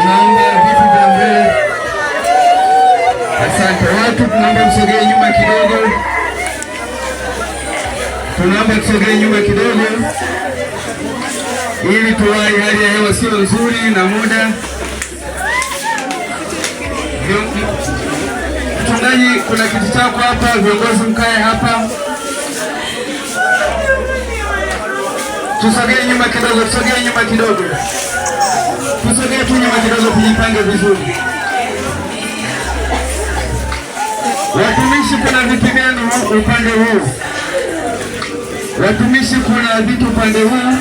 Tunaomba viti vya mbele. Asante watu, tunaomba msogee nyuma kidogo, tunaomba tusogee nyuma kidogo ili tuwai Hali ya hewa sio nzuri na muda. Mchungaji, kuna kitu chako hapa, viongozi mkae hapa. Tusogee nyuma kidogo, tusogee nyuma kidogo kazi nazo vizuri. Watumishi, kuna vipigano upande huu. Watumishi, kuna vitu upande huu.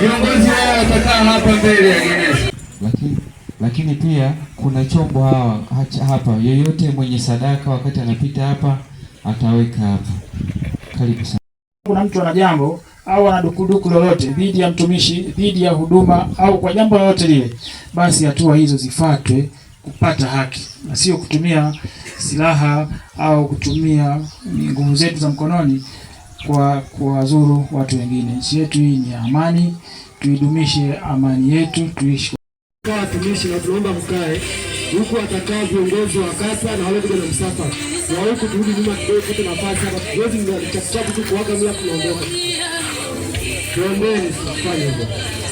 Viongozi wao watakaa hapa mbele ya Lakini, lakini pia kuna chombo hawa hapa, yoyote mwenye sadaka wakati anapita hapa ataweka hapa. Karibu sana. Kuna mtu ana jambo au ana dukuduku lolote dhidi ya mtumishi, dhidi ya huduma au kwa jambo lolote lile, basi hatua hizo zifuatwe kupata haki na sio kutumia silaha au kutumia nguvu zetu za mkononi kwa kuwazuru watu wengine. Nchi yetu hii ni amani, tuidumishe amani yetu, tuishi kwa watumishi. Na tunaomba mkae huku, watakaa viongozi wa kata na wale kuja na msafara na huku, turudi nyuma kidogo, tuna nafasi hapa, tuwezi chakuchaku tu kuwaga mia tunaondoka. Gönderin İspanya'da.